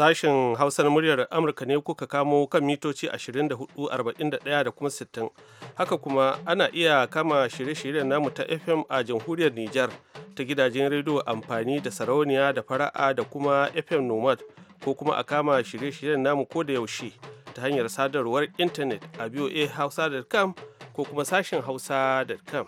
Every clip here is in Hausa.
Sashen na muryar Amurka ne kuka kamo kan mitoci 24,41 da kuma 60. Haka kuma ana iya kama shirye-shiryen namu ta FM a jamhuriyar Nijar ta gidajen rediyo amfani da sarauniya da fara'a da kuma FM Nomad ko kuma a kama shirye-shiryen namu ko da yaushe ta hanyar sadarwar intanet a voahausa.com ko kuma sashen hausa.com.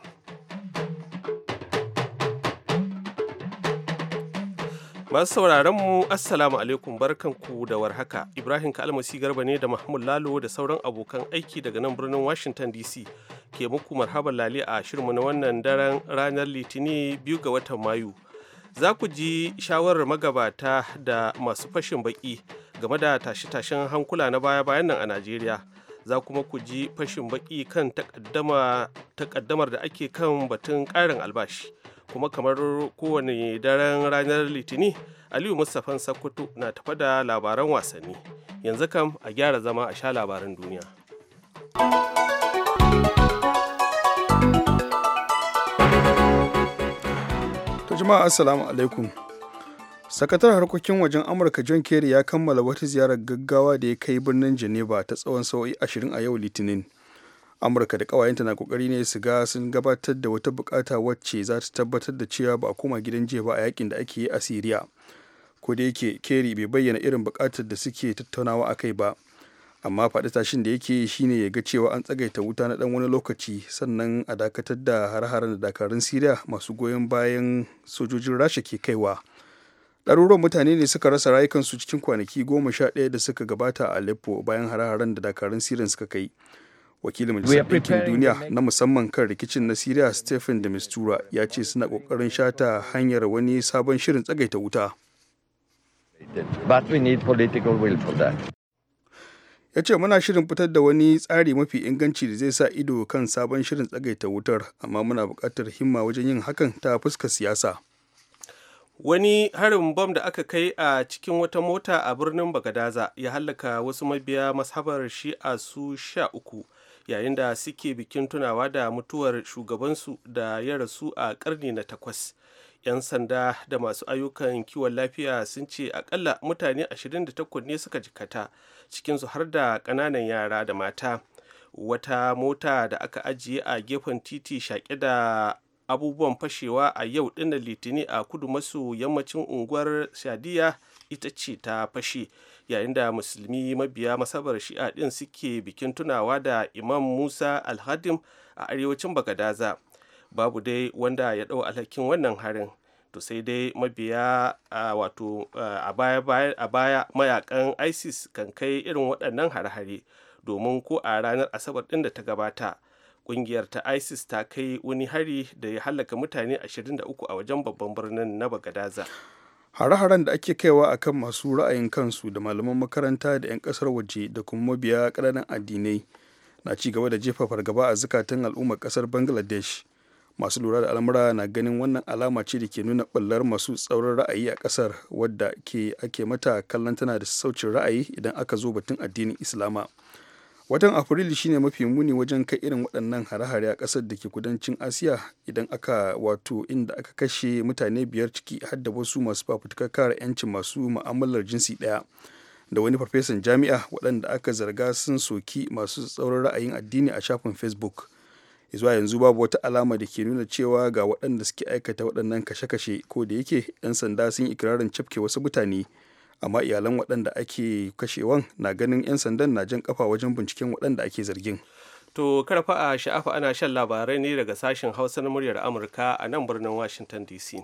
Masu sauraron mu Assalamu alaikum barkanku da warhaka. Ibrahim Kalmasi Garba ne da Mahmud Lalo da sauran abokan aiki daga nan birnin Washington DC ke muku marhaban lali a shirmu na wannan daren ranar Litini biyu ga watan Mayu. Za ku ji shawarar magabata da masu fashin baki game da tashe-tashen hankula na baya-bayan nan a Najeriya. Za kuma ku ji fashin baki kan takaddamar da ake kan batun ƙarin albashi. kuma kamar kowane daren ranar litini aliyu mustapha sakkwato na tafa da labaran wasanni yanzu kam a gyara zama a sha labaran duniya jama'a assalamu alaikum sakatar harkokin wajen amurka john kerry ya kammala wata ziyarar gaggawa da ya kai birnin geneva ta tsawon sa'o'i 20 a yau litinin amurka da kawayenta na kokari ne su ga sun gabatar da wata bukata wacce za ta tabbatar da cewa ba a koma gidan jiya ba a yakin da ake yi a siriya ko da yake kerry bai bayyana irin bukatar da suke tattaunawa a kai ba amma faɗi tashin da yake shine ya ga cewa an tsagaita wuta na ɗan wani lokaci sannan a dakatar da har-haren da dakarun siriya masu goyon bayan sojojin rasha ke kaiwa ɗaruruwan mutane ne suka rasa rayukansu cikin kwanaki goma sha ɗaya da suka gabata a aleppo bayan har-haren da dakarun siriya suka kai wakilin majalisar ɗinkin duniya na musamman kan rikicin na siriya stephen de mistura ya ce suna ƙoƙarin shata hanyar wani sabon shirin tsagaita wuta ya ce muna shirin fitar da wani tsari mafi inganci da zai sa ido kan sabon shirin tsagaita wutar amma muna buƙatar himma wajen yin hakan ta fuska siyasa wani harin bom da aka kai a cikin wata mota a birnin bagadaza ya hallaka wasu mabiya mashabar shi'a su sha uku yayin da suke bikin tunawa da mutuwar shugabansu da ya rasu a karni na takwas 'yan sanda da masu ayyukan kiwon lafiya sun ce akalla mutane 28 ne suka jikata cikinsu har da ƙananan yara da mata wata mota da aka ajiye a gefen titi shaƙe da abubuwan fashewa a yau ɗinnan litini a kudu maso yammacin unguwar shadiya ita ce ta fashe yayin da musulmi mabiya masabar shi'a din suke bikin tunawa da imam musa alhadim a arewacin bagadaza babu dai wanda ya dau alhakin wannan harin to sai dai mabiya wato a baya mayakan isis kan kai irin waɗannan hare-hare domin ko a ranar asabar ɗin da ta gabata kungiyar ta isis ta kai wani hari da ya hallaka mutane 23 a wajen babban birnin na bagadaza hare-haren da ake kaiwa a kan masu ra'ayin kansu da malaman makaranta da 'yan kasar waje da kuma mabiya ƙananan addinai na ci gaba da jefa fargaba a zukatan al'ummar kasar bangladesh masu lura da al'amura na ganin wannan alama ce da ke nuna ɓullar masu tsaurin ra'ayi a kasar wadda ake mata kallon tana da saucin ra'ayi idan aka zo batun addinin islama watan afrilu shine mafi muni wajen kai irin waɗannan hare-hare a ƙasar da ke kudancin asiya idan aka wato inda aka kashe mutane biyar ciki har da wasu masu fafutukar kare 'yancin masu ma'amalar jinsi ɗaya da wani farfesan jami'a waɗanda aka zarga sun soki masu tsauran ra'ayin addini a shafin facebook zuwa yanzu babu wata alama da ke nuna cewa ga waɗanda suke aikata waɗannan kashe-kashe ko da yake 'yan sanda sun ikirarin cafke wasu mutane amma iyalan waɗanda ake kashewan na ganin 'yan sandan na jan kafa wajen binciken waɗanda ake zargin to karfa a sha'afa ana shan labarai ne daga sashen hausa na muryar amurka a nan birnin washington dc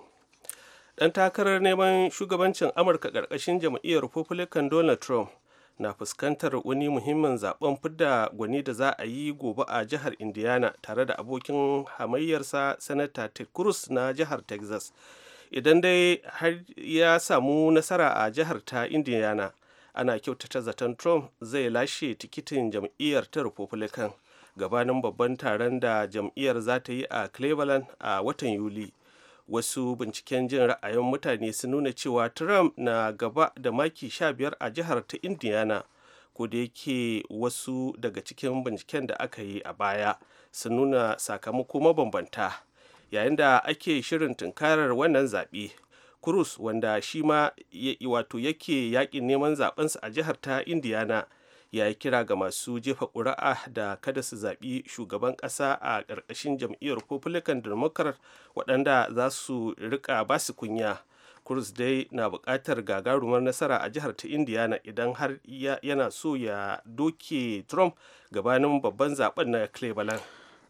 dan takarar neman shugabancin amurka ƙarƙashin jam'iyyar republican donald trump na fuskantar wani muhimmin zaben fidda gwani da za a yi gobe a jihar indiana tare da abokin hamayyarsa sanata ted cruz na jihar texas idan dai har ya samu nasara a jihar ta indiana ana kyautata zaton trump zai lashe tikitin jam'iyyar ta republican gabanin babban taron da jam'iyyar za ta yi a cleveland a watan yuli wasu binciken jin ra'ayin mutane sun nuna cewa trump na gaba da maki 15 a jihar ta indiana ko da yake wasu daga cikin binciken da aka yi a baya sun nuna sakamako mabambanta yayin da ake shirin tunkarar wannan zaɓe cruz wanda shi ma wato yake yaƙin neman zaɓensa a jihar ta indiana ya yi kira ga masu jefa ƙuri'a da kada su zaɓi shugaban ƙasa a ƙarƙashin jam'iyyar republican democrat waɗanda za su riƙa ba su kunya cruz dai na buƙatar gagarumar nasara a jihar ta indiana idan har yana so ya doke trump gabanin babban zaɓen na cleveland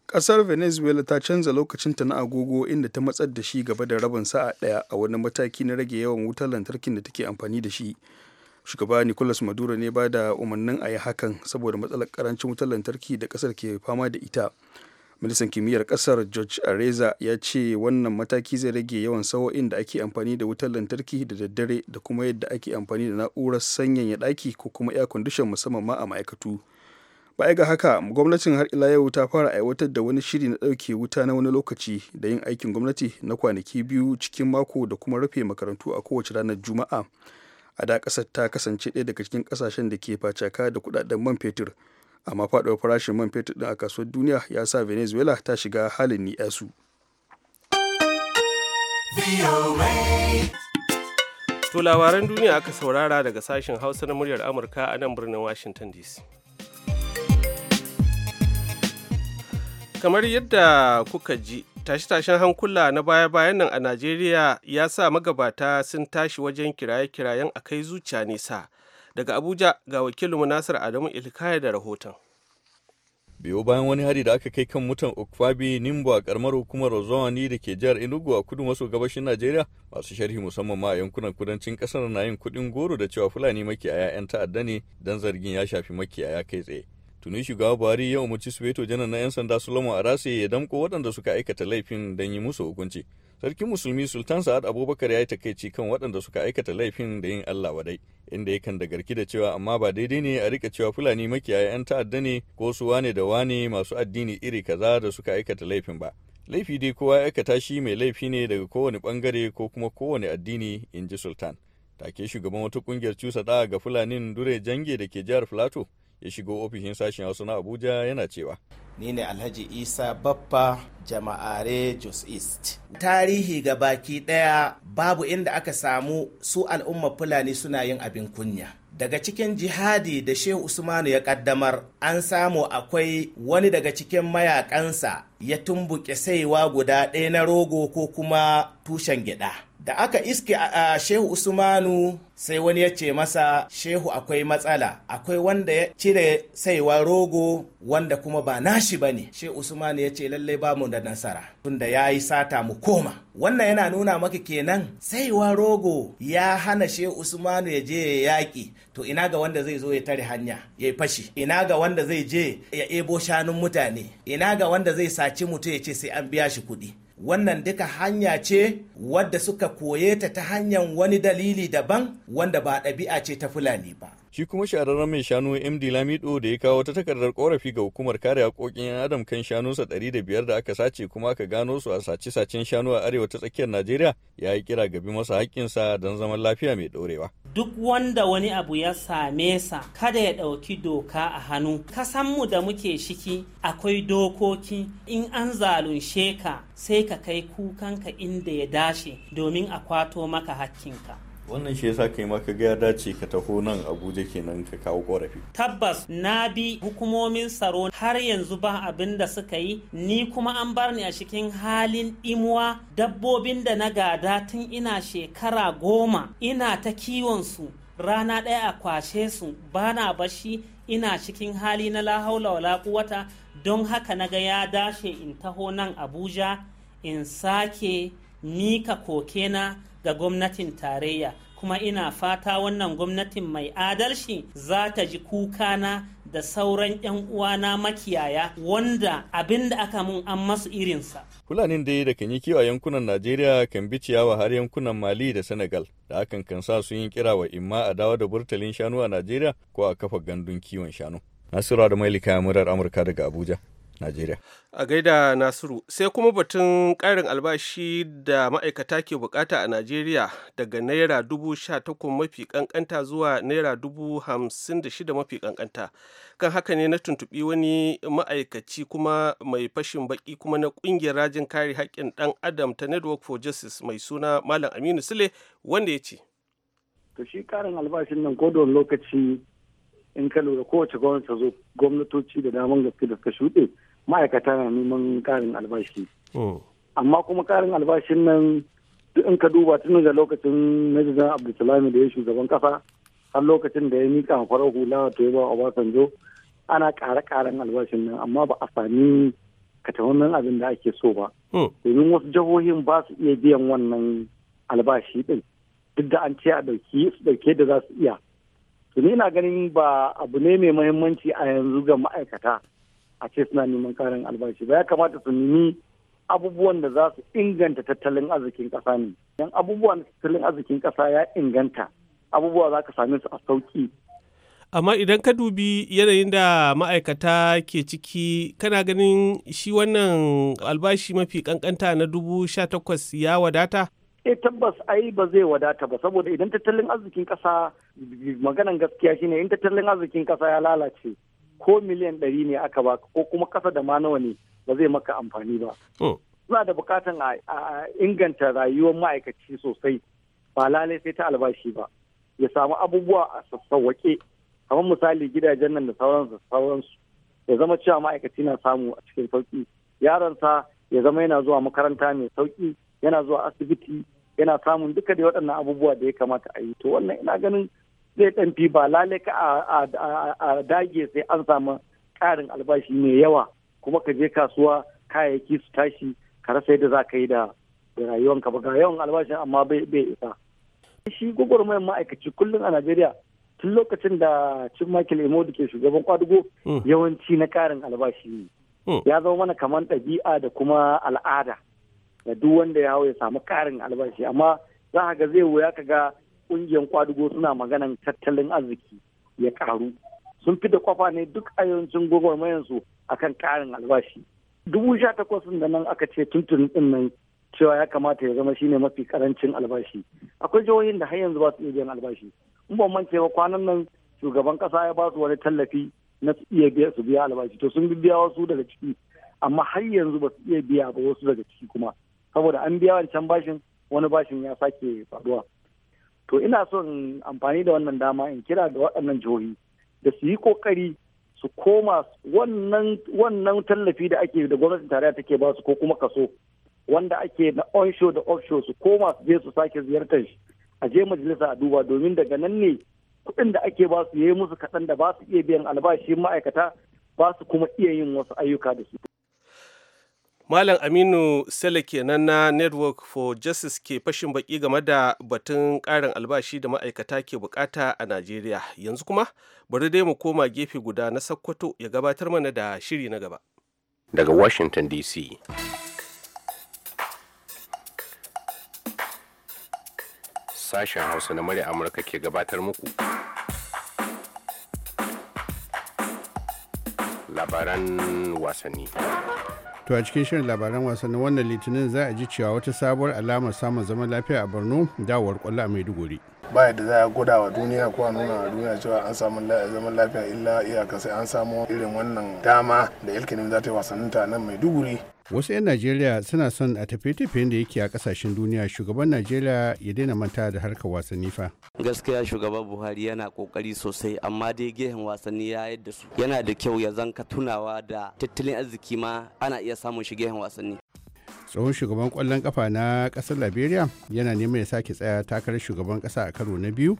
kasar venezuela ta canza lokacinta na agogo inda ta matsar da shi gaba da rabin sa'a daya a wani mataki na rage yawan wutar lantarkin da take amfani da shi shugaba nicolas maduro ne ba da umarnin a yi hakan saboda matsalar karancin wutar lantarki da kasar ke fama da ita ministan kimiyyar kasar george areza ya ce wannan mataki zai rage yawan sawo'in da ake amfani da wutar lantarki da daddare da kuma yadda ake amfani da na'urar sanyaya ɗaki ko kuma air condition musamman ma a ma'aikatu Baya ga haka, gwamnatin har ila yau ta fara aiwatar da wani shiri na ɗauke wuta na wani lokaci da yin aikin gwamnati na kwanaki biyu cikin mako da kuma rufe makarantu a kowace ranar Juma'a. A da ƙasar ta kasance ɗaya daga cikin ƙasashen da ke facaka da kuɗaɗen man fetur, amma faɗuwar farashin man fetur ɗin a kasuwar duniya ya sa Venezuela ta shiga halin su. To labaran duniya aka saurara daga sashen Hausa na muryar Amurka a nan birnin Washington DC. kamar yadda kuka ji tashe-tashen hankula na baya-bayan nan a najeriya ya sa magabata sun tashi wajen kiraye-kirayen a kai zuciya nisa daga abuja ga wakilinmu nasir adamu ilkaya da rahoton biyo bayan wani hari da aka kai kan mutan okwabi nimbo a karamar hukumar rozawani da ke jihar enugu a kudu maso gabashin najeriya masu sharhi musamman ma a yankunan kudancin kasar na yin kudin goro da cewa fulani makiyaya 'yan ta'adda ne don zargin ya shafi makiyaya kai tsaye tuni shiga buhari ya umarci feto janar na 'yan sanda a arase ya damko waɗanda suka aikata laifin don yi musu hukunci sarkin musulmi sultan sa'ad abubakar ya yi takaici kan waɗanda suka aikata laifin da yin allah wadai inda yakan da garki da cewa amma ba daidai ne a rika cewa fulani makiyaya 'yan ta'adda ne ko su wane da wane masu addini iri kaza da suka aikata laifin ba laifi dai kowa ya aikata shi mai laifi ne daga kowane bangare ko kuma kowane addini in ji sultan take shugaban wata kungiyar cusa ga fulanin dure jange da ke jihar filato ya shigo ofishin sashen hausa na abuja yana cewa ni ne alhaji isa baffa jama'are jos east tarihi ga baki daya babu inda aka samu su al'umma fulani suna yin abin kunya daga cikin jihadi da shehu usmanu ya kaddamar an samu akwai wani daga cikin mayakansa ya tumbuke saiwa guda ɗaya na rogo ko kuma tushen gyaɗa da aka iske a, shehu usmanu sai wani ya ce masa shehu akwai matsala akwai wanda ya cire saiwa rogo wanda kuma ba nashi ba ne shehu usmanu ya ce lallai ba mu da nasara tunda ya yi sata mu koma wannan yana nuna maka kenan saiwa rogo ya hana shehu usmanu ya je ya yaƙi to ina ga wanda zai zo ya tare hanya ya yi fashi ina ga wanda zai je ya ebo shanun mutane ina ga wanda zai saci mutum ya ce sai an biya shi kuɗi wannan duka hanya ce wadda suka koye ta ta hanyar wani dalili daban wanda ba ɗabi'a ce ta fulani ba. Shi kuma shahararren mai shanu MD Lamido da ya kawo ta takardar korafi ga hukumar kare haƙoƙin 'yan adam kan shanunsa ɗari da biyar da aka sace kuma aka gano su a sace-sacen shanu a arewa ta tsakiyar Najeriya ya yi kira gabi masa haƙƙinsa don zaman lafiya mai ɗorewa. duk wanda wani abu ya same sa kada ya ɗauki doka a hannu kasanmu da muke shiki akwai dokoki in an zalunce ka sai ka kai kukanka inda ya dace domin a kwato maka hakkinka wannan shi yasa kai maka ga dace ka taho nan abuja kenan ka kawo korafi tabbas na bi hukumomin tsaro har yanzu ba abin da suka yi ni kuma an bar ni a cikin halin imuwa dabbobin da na gada tun ina shekara goma ina ta kiwon su rana ɗaya a kwashe su bana bashi ina cikin hali na lahaula wala kuwata don haka na ga ya dashe in taho nan abuja in sake mika kokena da gwamnatin tarayya kuma ina fata wannan gwamnatin mai adalci za ta ji kukana da sauran 'yan uwana makiyaya wanda abin da aka mun an masu irinsa. Fulanin dai da kan yi kiwa a yankunan Najeriya kan bi ciyawa har yankunan Mali da Senegal da hakan kan sa su yin kira wa imma a dawo da burtalin shanu a Najeriya ko a kafa gandun kiwon shanu. Nasiru da Mailika murar Amurka daga Abuja. Najeriya. A gaida Nasiru, sai kuma batun ƙarin albashi da ma'aikata ke bukata a Najeriya daga Naira dubu sha takwas mafi kankanta zuwa Naira dubu hamsin da shida mafi kankanta. Kan haka ne na tuntuɓi wani ma'aikaci kuma mai fashin baki kuma na ƙungiyar rajin kare haƙƙin ɗan Adam ta Network for Justice mai suna Malam Aminu Sule wanda ya ce. To shi ƙarin albashin nan ko lokaci in ka lura kowace gwamnati ta zo gwamnatoci da daman gaske da suka shuɗe ma'aikata na neman karin albashi oh. amma kuma karin albashin nan duk in ka duba tun da lokacin najidan abdulsalami da ya shugaban kasa har lokacin da ya mika farar hula to ya ba obasanjo ana ƙara ƙarin albashin nan amma ba a sami katawannin abin da ake so ba oh. domin wasu jihohin ba su iya biyan wannan albashi din duk da an ce a ɗauke da za su iya to ni ina ganin ba abu ne mai mahimmanci a yanzu ga ma'aikata a ce suna neman karin albashi ba ya kamata su nemi abubuwan da za su inganta tattalin arzikin ƙasa ne yan abubuwan tattalin arzikin ƙasa ya inganta abubuwa za ka same su a sauki amma idan ka dubi yanayin da ma'aikata ke ciki kana ganin shi wannan albashi mafi kankanta na dubu sha takwas ya wadata e tabbas ai ba zai wadata ba saboda idan tattalin arzikin ƙasa maganan gaskiya shine in tattalin arzikin ƙasa ya lalace ko miliyan ɗari ne aka baka ko kuma kasa da ma nawa ne ba zai maka amfani ba. Suna da bukatan a inganta rayuwar ma'aikaci sosai ba lalai sai ta albashi ba. Ya samu abubuwa a sassawake kamar misali gidajen nan da sauransu sauransu ya zama cewa ma'aikaci na samu a cikin sauki yaronsa ya zama yana zuwa makaranta mai sauki yana zuwa asibiti yana samun duka da waɗannan abubuwa da ya kamata a yi to wannan ina ganin zai ɗan fi ba lale ka a dage sai an samu ƙarin albashi mai yawa kuma ka je kasuwa kayayyaki su tashi ka rasa yadda za ka yi da rayuwanka ba ga yawan albashin amma bai isa shi gwagwarmayar ma'aikaci kullum a najeriya tun lokacin da cin makil da ke shugaban kwadugo hmm. yawanci na karin albashi ne hmm. ya zama mana kamar ɗabi'a da kuma al'ada da duk wanda ya hau ya samu karin albashi amma za ka ga zai wuya ka ga ƙungiyar kwadugo suna maganan tattalin arziki ya ƙaru sun fi da kwafa ne duk a yawancin gwagwarmayansu akan ƙarin albashi dubu sha takwas da nan aka ce tuntun din nan cewa ya kamata ya zama shine mafi karancin albashi akwai jihohin da har yanzu ba su iya biyan albashi in ban man ba kwanan nan shugaban kasa ya ba su wani tallafi na su iya biya su biya albashi to sun biya wasu daga ciki amma har yanzu ba su iya biya ba wasu daga ciki kuma saboda an biya wancan bashin wani bashin ya sake faduwa to ina son amfani da wannan dama in kira da waɗannan jihohi da su yi kokari su koma wannan tallafi da ake da gwamnati tarayya take ba su ko kuma kaso wanda ake na onshore da offshore su koma su je su sake ziyartar shi a je majalisa a duba domin daga nan ne kuɗin da ake ba su yi musu kaɗan da ba su iya biyan albashin ma'aikata ba su kuma iya yin wasu ayyuka da su Malam Aminu sele kenan na Network for Justice ke fashin baki game da batun karin albashi da ma'aikata ke bukata a Najeriya. Yanzu kuma bari dai mu koma gefe guda na Sokoto ya gabatar mana da shiri na gaba. Daga Washington DC. Sashen Hausa na murya Amurka ke gabatar muku. Labaran wasanni. To a cikin shirin labaran wasannin wannan litinin za a ji cewa wata sabuwar alamar samun zaman lafiya a Borno dawowar kwallo a Maiduguri. ba yadda za a gwada wa duniya ko a nuna wa duniya cewa an samu zaman lafiya illa iyaka sai an samu irin wannan dama da ilkinin za ta yi wasanninta nan maiduguri wasu 'yan najeriya suna son a tafiye-tafiyen da yake a kasashen duniya shugaban najeriya ya daina manta da harkar wasanni fa gaskiya shugaban buhari yana kokari sosai amma dai gehen wasanni ya yadda su yana da kyau ya zanka tunawa da tattalin arziki ma ana iya samun shi gehen wasanni tsohon shugaban kwallon kafa na kasar liberia yana neman ya sake tsaya takarar shugaban kasa a karo na biyu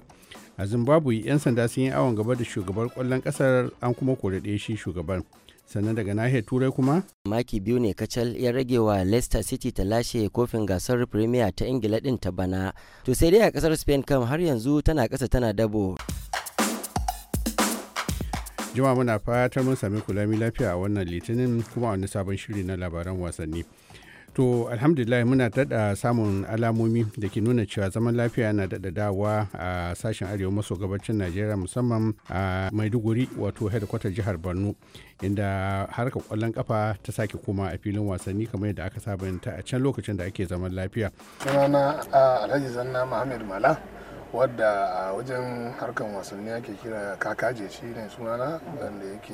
a zimbabwe 'yan sanda sun yi awon gaba da shugaban kwallon kasar an kuma kore shi shugaban sannan daga nahiyar turai kuma maki biyu ne kacal ya rage wa leicester city ta lashe kofin gasar premier ta ingila din ta bana to sai dai a kasar spain kam har yanzu tana kasa tana dabo jima muna fata mun sami kulami lafiya a wannan litinin kuma wani sabon shiri na labaran wasanni to alhamdulillah muna daɗa samun alamomi da ke nuna cewa zaman lafiya na daɗa dawa a sashen arewa maso gabacin najeriya musamman a maiduguri wato headquarter jihar borno inda harkar kwallon kafa ta sake koma a filin wasanni kamar yadda aka saba a can lokacin da ake zaman lafiya sunana alhaji zanna muhammad mala wadda a wajen harkar wasanni ake kira kakaje shi ne sunana wanda yake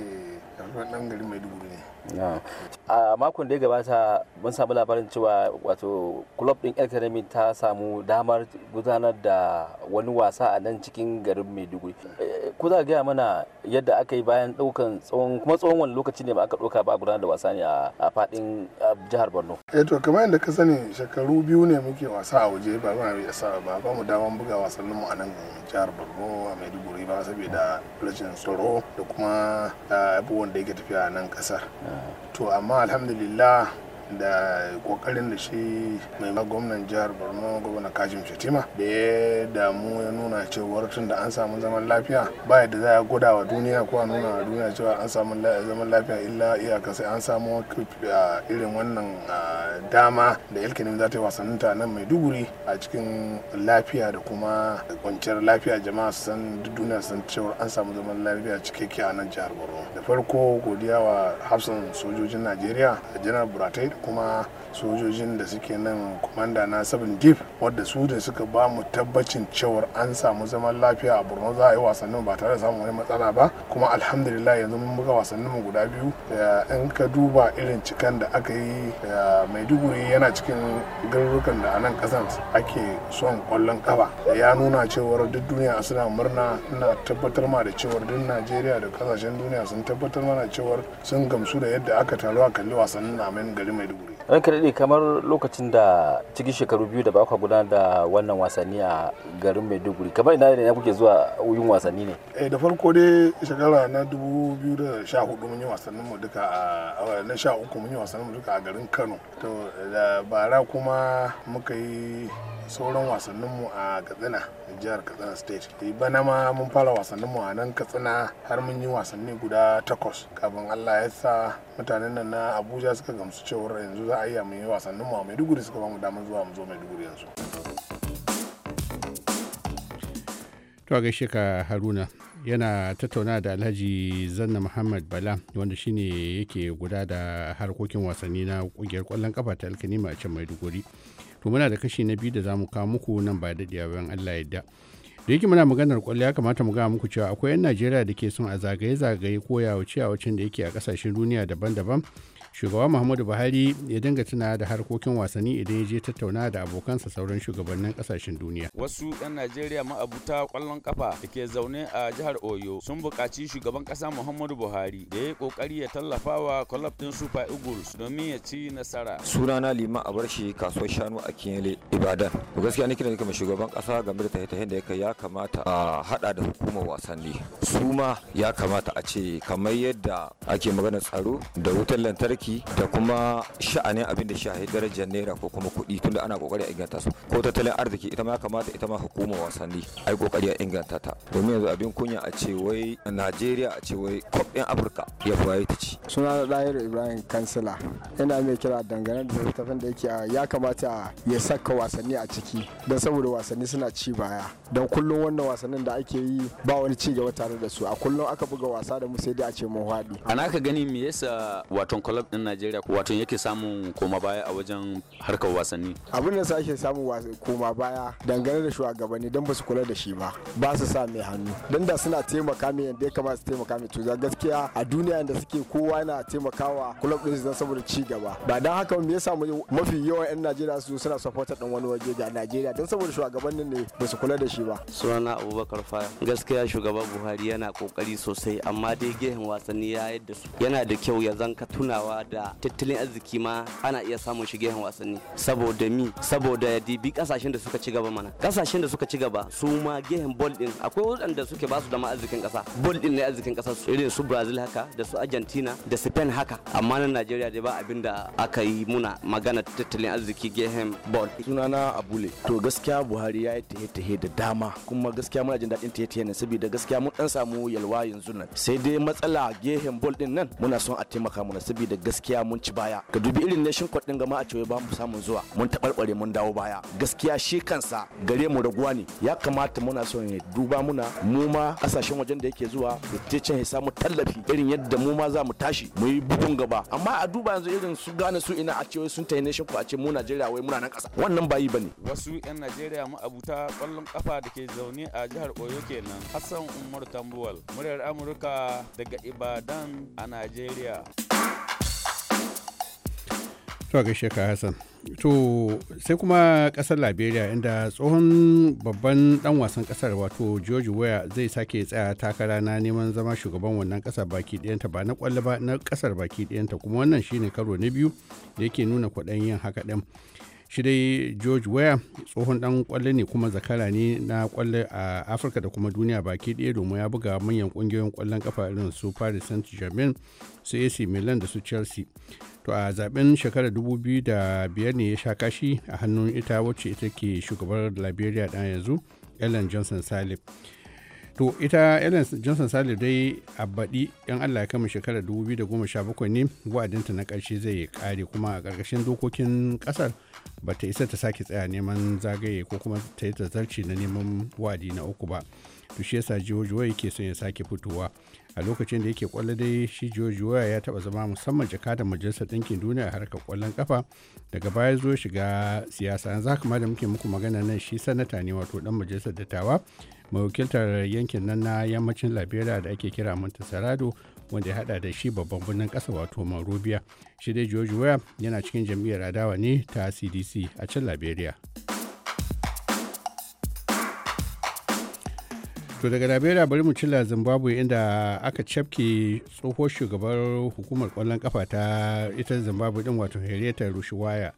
karfin dan garin maiduguri ne a makon da ya gabata mun samu labarin cewa wato club din academy ta samu damar gudanar da wani wasa a nan cikin garin maiduguri ko za a gaya mana yadda aka yi bayan daukan tsawon kuma tsawon wani lokaci ne ba aka ɗauka ba a gudanar da wasa ne a fadin jihar borno eh to kamar yadda ka sani shekaru biyu ne muke wasa a waje ba ba ya sa ba ba mu daman buga wasannin mu a nan jihar borno a maiduguri ba saboda rashin tsaro da kuma ah, abubuwan da yake tafiya a nan kasar ah. to amma alhamdulillah da kokarin da shi mai gwamnan jihar borno gwamna kajim shetima da ya damu ya nuna cewar tun da an samu zaman lafiya ba yadda za a guda wa duniya ko a nuna wa duniya cewa an samu zaman lafiya illa iyaka sai an samu irin wannan dama da ilkinin za ta yi wasannin ta nan duguri. a cikin lafiya da kuma kwanciyar lafiya jama'a su san duniya san cewar an samu zaman lafiya cikakke a nan jihar borno da farko godiya wa hafsan sojojin najeriya janar buratai da kuma sojojin da suke nan kumanda na 7 gif wadda su da suka ba mu tabbacin cewar an samu zaman lafiya a borno za a yi wasannin ba tare da samun wani matsala ba kuma alhamdulillah yanzu mun buga wasannin mu guda biyu eh, in ka duba irin cikan da aka yi eh, maiduguri yana cikin garurukan da anan nan kasan ake son kwallon kaba ya nuna cewar duk duniya suna murna ina tabbatar ma da cewar duk najeriya da kasashen duniya sun tabbatar mana cewar sun gamsu da yadda aka taru a kalli wasannin amin gari mai maiduguri an karɗe kamar lokacin da cikin shekaru biyu da ba kwa gudanar da wannan wasanni a garin maiduguri kamar ina ya kuke zuwa yin wasanni ne eh da farko dai shekara na 2014 mun yi wasannin mu duka a na 13 mun yi wasannin mu duka a garin kano to da bara kuma muka yi sauran wasanninmu a katsina a jihar katsina state eh, bana ma mun fara wasanninmu a nan katsina har mun yi wasanni guda takwas kafin allah ya sa mutanen nan na abuja suka gamsu cewar yanzu za a iya mun yi wasanninmu a maiduguri suka ba mu damar zuwa mu zo maiduguri yanzu to a gaishe ka haruna yana tattauna da alhaji zanna muhammad bala wanda shine yake guda da harkokin wasanni na kungiyar kwallon kafa ta alkanima a can maiduguri to muna da kashi na biyu da za mu kawo muku nan ba daɗewa bayan Allah yadda. da yake muna maganar kwallo ya kamata mu gaya muku cewa akwai 'yan najeriya da ke son a zagaye-zagaye ko yawace a wacin da yake a kasashen duniya daban-daban Shugaban muhammadu buhari ya dinga tuna da harkokin wasanni idan ya je tattauna da abokansa sauran shugabannin kasashen duniya wasu 'yan najeriya ma'abuta kwallon kafa da ke zaune a jihar oyo sun buƙaci shugaban ƙasa muhammadu buhari da ya yi ƙoƙari ya tallafa wa kwallon ɗin super eagles domin ya ci nasara sunana a barshi kasuwar shanu a Kinyale, ibadan gaskiya ni kiran kama shugaban ƙasa game da tahe da ya kai ya kamata a haɗa da hukumar wasanni su ma ya kamata a ce kamar yadda ake magana tsaro da wutar lantarki kayayyaki da kuma sha'anin abin da shahi darajar naira ko kuma kuɗi tunda ana kokari a inganta su ko tattalin arziki ita ma ya kamata ita ma hukumar wasanni a yi kokari a inganta ta domin yanzu abin kunya a ce wai najeriya a ce wai kwaf ɗin afirka ya fi ta ci. suna ɗahiru ibrahim kansila ina mai kira dangane da littafin da yake ya kamata ya saka wasanni a ciki don saboda wasanni suna ci baya don kullum wannan wasannin da ake yi ba wani ci gaba tare da su a kullum aka buga wasa da mu sai dai a ce mun haɗi. a naka gani me yasa waton club ɗin Najeriya wato yake samun koma baya a wajen harkar wasanni? Abin da sake samun koma baya dangane da shugabanni don ba su kula da shi ba ba su sa mai hannu don da suna taimaka mai yadda ya kamata su taimaka mai to gaskiya a duniya da suke kowa na taimakawa club din don saboda ci gaba ba dan haka me yasa mafi yawan yan Najeriya su suna supporter dan wani waje da Najeriya don saboda shugabannin ne ba su kula da shi ba sunana Abubakar fa gaskiya shugaba Buhari yana kokari sosai amma dai gehen wasanni ya yadda su yana da kyau ya zanka tunawa da tattalin arziki ma ana iya samun shi gehen wasanni saboda mi saboda ya dibi kasashen da suka ci gaba mana kasashen da suka ci gaba su ma gehen bol din akwai wadanda suke ba su da ma arzikin kasa bol din ne arzikin kasa su irin su brazil haka da su argentina da spain haka amma na najeriya dai ba abin da aka yi muna magana tattalin arziki gehen bol sunana abule to gaskiya buhari ya yi tahe-tahe da dama kuma gaskiya muna jin daɗin tahe-tahe ne saboda gaskiya mun dan samu yalwa yanzu nan sai dai matsala gehen bol din nan muna son a taimaka mana saboda gaskiya mun ci baya ka dubi irin nation court din gama a cewa ba mu samun zuwa mun taɓarɓare, mun dawo baya gaskiya shi kansa gare mu raguwa ne ya kamata muna so ne duba muna mu ma kasashen wajen da yake zuwa ya can ya samu tallafi irin yadda mu ma za mu tashi mu yi bugun gaba amma a duba yanzu irin su gane su ina a cewa sun tayi nation court a ce mu Najeriya wai muna nan ƙasa? wannan bayi bane wasu yan Najeriya mu abuta kwallon kafa da ke zaune a jihar Oyo kenan Hassan Umar Tambuwal muryar Amurka daga Ibadan a Najeriya. To gaishe ka Hassan. To sai kuma kasar Liberia inda tsohon babban dan wasan kasar wato George Weah zai sake tsaya takara na neman zama shugaban wannan kasar baki ɗayanta ba na kwallo ba na kasar baki ɗayanta kuma wannan shine karo na biyu da yake nuna kwaɗayin yin haka ɗin. shi dai george weah tsohon dan kwallo ne kuma zakara ne na kwallo a afirka da kuma duniya baki ɗaya domin ya buga manyan kungiyoyin kwallon kafa irin su paris saint germain su ac milan da su chelsea to a zaben shekarar 2005 ne ya sha kashi a hannun ita wacce ita ke shugabar liberia ɗan yanzu ellen johnson salif to ita ellen johnson salif dai a baɗi yan allah ya kama shekarar 2017 ne wa'adinta na ƙarshe zai ƙare kuma a ƙarƙashin dokokin ƙasar ba ta isa ta sake tsaya neman zagaye ko kuma ta yi tazarci na neman wa'adi na uku ba to shi yasa jihohi ke son ya sake fitowa a lokacin da yake kwallo dai shi George ya taba zama musamman jakadan majalisar ɗinkin duniya a harkar kwallon kafa daga baya zo shiga siyasa yanzu haka ma da muke muku magana nan shi sanata ne wato dan majalisar dattawa mai wakiltar yankin nan na yammacin Liberia da ake kira sarado wanda ya hada da shi babban birnin kasa wato Monrovia shi dai George yana cikin jam'iyyar adawa ne ta CDC a can Liberia. To daga Liberia bari mu cilla Zimbabwe inda aka cafke tsohon shugabar hukumar kwallon kafa ta ita Zimbabwe din wato Henrietta Rushiwaya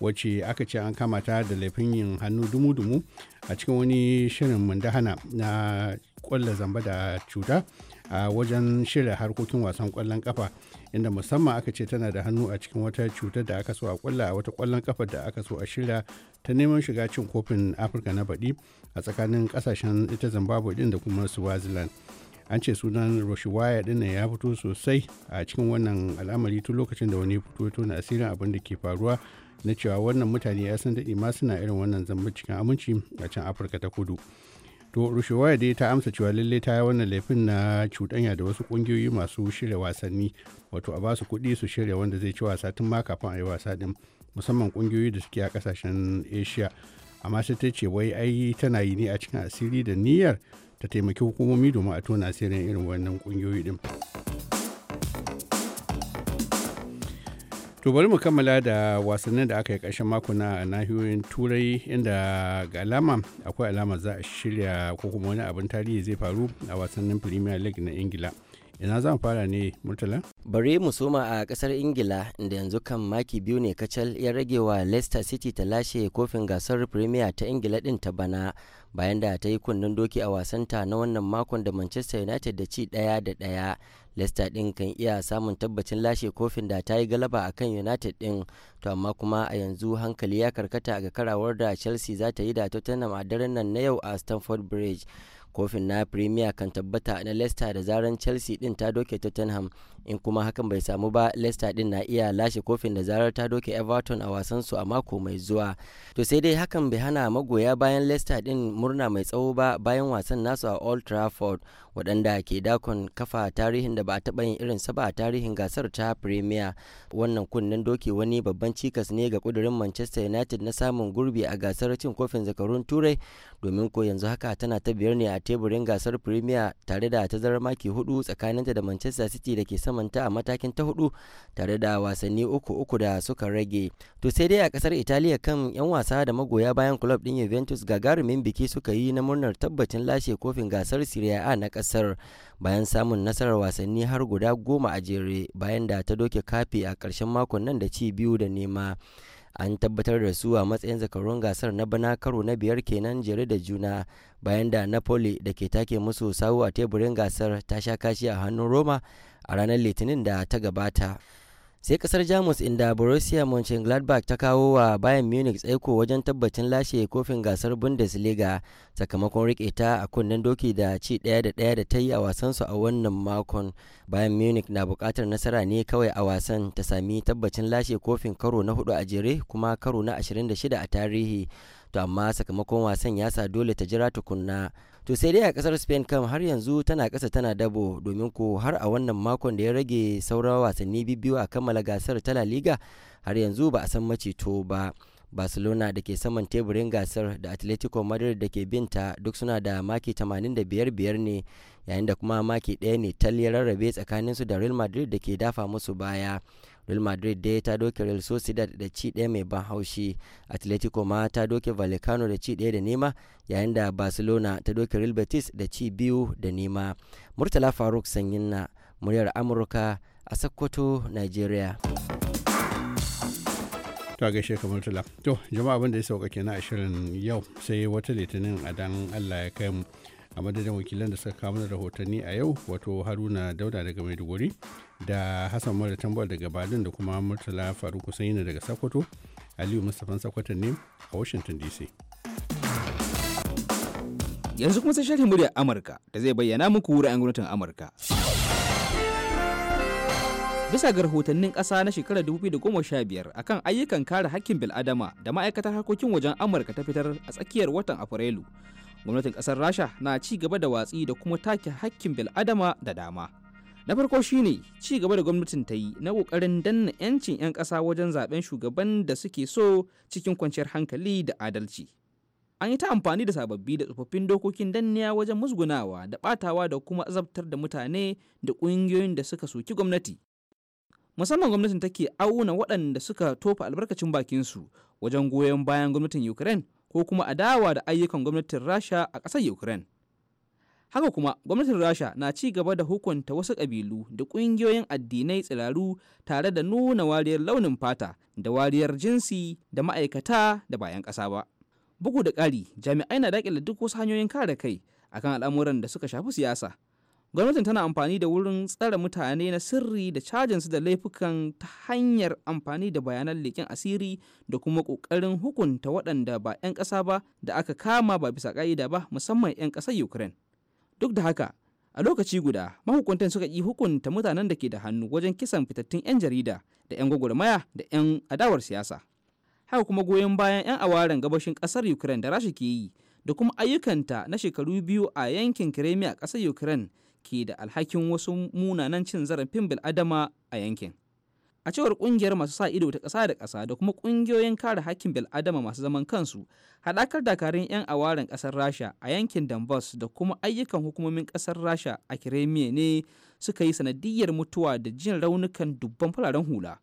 wacce aka ce an kama ta da laifin yin hannu dumu-dumu a cikin wani shirin mundahana na kwalla zamba da cuta a wajen shirya harkokin wasan kwallon kafa inda musamman aka ce tana da hannu a cikin wata cutar da aka so a kwalla a wata kwallon kafa da aka so a shirya ta neman shiga cin kofin afirka na baɗi a tsakanin kasashen ita zimbabwe din da kuma swaziland an ce sunan roshiwaya din ya fito sosai a cikin wannan al'amari tun lokacin da wani fito na asirin abin da ke faruwa na cewa wannan mutane ya san daɗi ma suna irin wannan zamba cikin aminci a can afirka ta kudu to rushewaya dai ta amsa cewa lallai ta yi wannan laifin na cuɗanya da wasu ƙungiyoyi masu shirya wasanni wato a basu kuɗi su shirya wanda zai ci wasa tun ma kafin a yi wasa ɗin musamman ƙungiyoyi da suke a ƙasashen asia amma sai ta ce wai ai tana yi ne a cikin asiri da niyyar ta taimaki hukumomi domin a tona asirin irin wannan ƙungiyoyi ɗin to bari mu kammala da wasannin da aka yi ƙarshen mako na nahiyoyin turai inda ga alama akwai alama za a shirya ko kuma wani abin tarihi zai faru a wasannin premier league na ingila ina zan fara ne murtala bari mu soma a kasar ingila inda yanzu kan maki biyu ne kacal ya rage wa leicester city ta lashe kofin gasar premier ta ingila din ta bana bayan da ta yi kunnen doki a wasanta na wannan makon da manchester united da ci daya da daya leicester ɗin kan iya samun tabbacin lashe kofin da ta yi galaba a kan united ɗin to amma kuma a yanzu hankali ya karkata ga karawar da chelsea za ta yi da tottenham a daren nan na yau a stamford bridge kofin na premier kan tabbata na leicester da zaran chelsea ɗin ta doke tottenham in kuma hakan bai samu ba leicester din na iya lashe kofin da zarar ta doke everton a wasan su a mako mai zuwa to sai dai hakan bai hana magoya bayan leicester din murna mai tsawo ba bayan wasan nasu a old trafford waɗanda ke dakon kafa tarihin da ba a taɓa yin irinsa ba a tarihin gasar ta premier wannan kunnen doki wani babban cikas ne ga kudurin manchester united na samun gurbi a gasar cin kofin zakarun turai domin ko yanzu haka tana ta biyar ne a teburin gasar premier tare da tazarar maki hudu tsakaninta da manchester city da ke sama samanta a matakin ta hudu tare da wasanni uku uku da suka rage to sai dai a kasar italiya kan yan wasa da magoya bayan club din juventus gagarumin biki suka yi na murnar tabbacin lashe kofin gasar siriya a na kasar bayan samun nasarar wasanni har guda goma a jere bayan da ta doke kafi a karshen makon nan da ci biyu da nema an tabbatar da su a matsayin zakarun gasar na bana karo na biyar kenan jere da juna bayan da napoli da ke take musu sawu a teburin gasar ta sha kashi a hannun roma a ranar litinin da ta gabata sai kasar jamus inda borussia mönchengladbach ta kawo wa bayan munich tsaiko wajen tabbacin lashe kofin gasar bundesliga sakamakon rike ta a kunnen doki da ci daya da daya da ta yi a wasansu a wannan makon bayan munich na bukatar nasara ne kawai a wasan ta sami tabbacin lashe kofin karo na hudu a jere kuma karo na 26 a tarihi to amma sakamakon wasan ya sa dole ta jira tukunna to sai dai a kasar spain kam har yanzu tana kasa tana dabo domin ko har a wannan makon da ya rage sauran wasanni biyu a kammala gasar ta la liga har yanzu ba a san maceto ba barcelona da ke saman teburin gasar da atletico madrid da ke binta duk suna da maki 85 ne yayin da kuma maki ɗaya ne tal ya rarrabe tsakaninsu da real madrid da ke dafa musu baya real madrid dai ta doke real sociedad da ci ɗaya mai ban haushi atletico ma ta doke vallecano da ci ɗaya da nema yayin da barcelona ta doke real betis da ci biyu da nema murtala faruk sanyin na muryar amurka a sokoto nigeria to gaishe kamar murtala to jama'a abin da ya sauka kenan a shirin yau sai wata litinin a dan allah ya kai mu a madadin wakilan da suka kawo rahotanni a yau wato haruna dauda daga maiduguri da hassan mara tambal daga badin da kuma murtala faruk husaini daga sokoto aliyu mustapha sokoto ne a washington dc yanzu kuma sai sharhin muryar amurka da zai bayyana muku ra'ayin gwamnatin amurka bisa ga rahotannin kasa na shekarar 2015 akan ayyukan kare hakkin bil'adama da ma'aikatar harkokin wajen amurka ta fitar a tsakiyar watan afrilu gwamnatin kasar rasha na ci gaba da watsi da kuma take hakkin bil'adama da dama na farko shine ci gaba da gwamnatin ta yi na kokarin danna 'yancin 'yan kasa wajen zaben shugaban da suke so cikin kwanciyar hankali da adalci an yi ta amfani da sababbi da tsofaffin dokokin danniya wajen musgunawa da batawa da kuma azabtar da mutane da ƙungiyoyin da suka soki gwamnati musamman gwamnatin take auna waɗanda suka tofa albarkacin su wajen goyon bayan gwamnatin ukraine ko kuma a dawa da ayyukan gwamnatin rasha a ƙasar ukraine haka kuma gwamnatin rasha na ci gaba da hukunta wasu ƙabilu da ƙungiyoyin addinai tsiraru tare da nuna wariyar launin fata da wariyar jinsi da ma'aikata da bayan ƙasa ba bugu da ƙari jami'ai na daƙile duk wasu hanyoyin kare kai akan al'amuran da suka shafi siyasa gwamnatin tana amfani da wurin tsare mutane na sirri da cajin su da laifukan ta hanyar amfani da bayanan leƙen asiri da kuma ƙoƙarin hukunta waɗanda ba 'yan ƙasa ba da aka kama ba bisa ƙa'ida ba musamman 'yan ƙasar ukraine duk da haka a lokaci guda mahukuntan suka yi hukunta mutanen da ke da hannu wajen kisan fitattun 'yan jarida da 'yan gwagwarmaya da 'yan adawar siyasa haka kuma goyon bayan 'yan awaren gabashin ƙasar ukraine da rasha ke yi da kuma ayyukanta na shekaru biyu a yankin a ƙasar ukraine ke da alhakin wasu munanan cin zarafin bil'adama a yankin a cewar kungiyar masu sa ido ta ƙasa da ƙasa da kuma ƙungiyoyin kare hakkin bil'adama masu zaman kansu haɗakar dakarun 'yan awaren ƙasar rasha a yankin donbass da kuma ayyukan hukumomin ƙasar rasha a kiremiya ne suka yi sanadiyyar mutuwa da jin raunukan dubban fararen hula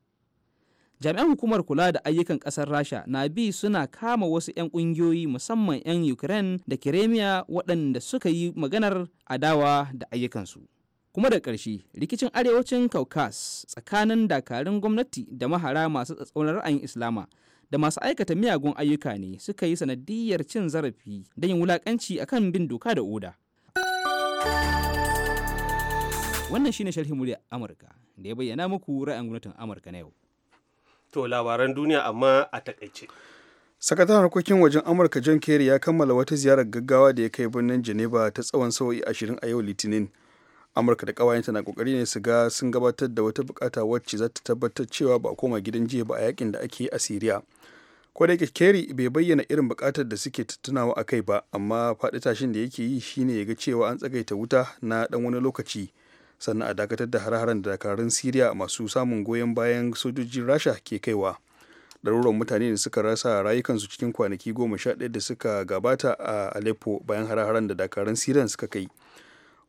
jami'an hukumar kula da ayyukan kasar rasha na bi suna kama wasu 'yan kungiyoyi musamman 'yan ukraine da kiremiya waɗanda suka yi maganar adawa da ayyukansu kuma da ƙarshe rikicin arewacin caucas tsakanin dakarun gwamnati da mahara masu tsatsaunar ra'ayin islama da masu aikata miyagun ayyuka ne suka yi sanadiyar cin zarafi da yin wulakanci akan bin doka da oda wannan shine sharhi murya amurka da ya bayyana muku ra'ayin gwamnatin amurka na yau To labaran duniya amma a takaice. sakataren harkokin wajen amurka john kerry ya kammala wata ziyarar gaggawa da ya kai birnin geneva ta tsawon sa'o'i ashirin a yau litinin amurka da kawayenta na kokari ne su ga sun gabatar da wata bukata wacce za ta tabbatar cewa ba a koma gidan jiya ba a yakin da ake a syria ko da kerry bai bayyana irin bukatar da suke tattunawa a kai ba amma faɗi tashin da yake yi shine ya ga cewa an tsagaita wuta na dan wani lokaci sannan a dakatar da hare-haren da dakarun siriya masu samun goyon bayan sojojin rasha ke kaiwa ɗaruran mutane ne suka rasa rayukansu cikin kwanaki goma sha ɗaya da suka gabata a aleppo bayan hare da dakarun siriya suka kai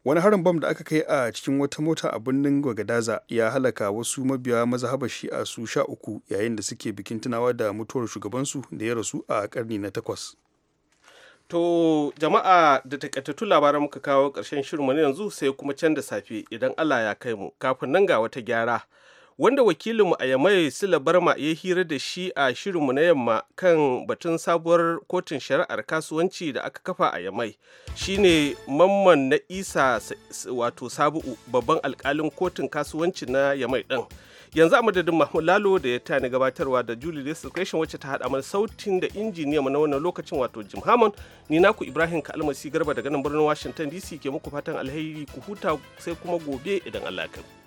wani harin bam da aka kai a cikin wata mota a birnin gwagadaza ya halaka wasu mabiya maza habashi a su sha uku yayin da suke bikin tunawa da mutuwar shugabansu da ya rasu a karni na takwas To jama'a da takaitattun labaran muka kawo ƙarshen shirinmu muna yanzu sai kuma can da safe idan Allah ya kai mu kafin nan ga wata gyara. Wanda wakilinmu a Yamai Sila Barma ya hira da shi a shirinmu na yamma kan batun sabuwar kotun shari'ar kasuwanci da aka kafa a Yamai shine mamman na Isa wato Sabu'u babban alkalin kotun kasuwanci na Yamai ɗin. yanzu a madadin mahmud lalo da ya tani gabatarwa da julie discretion wacce ta hada mana sautin da injiniya na wannan lokacin wato jim hammond ni naku ibrahim kalmasi garba daga nan birnin washington dc ke muku fatan alheri ku huta sai kuma gobe idan allah kai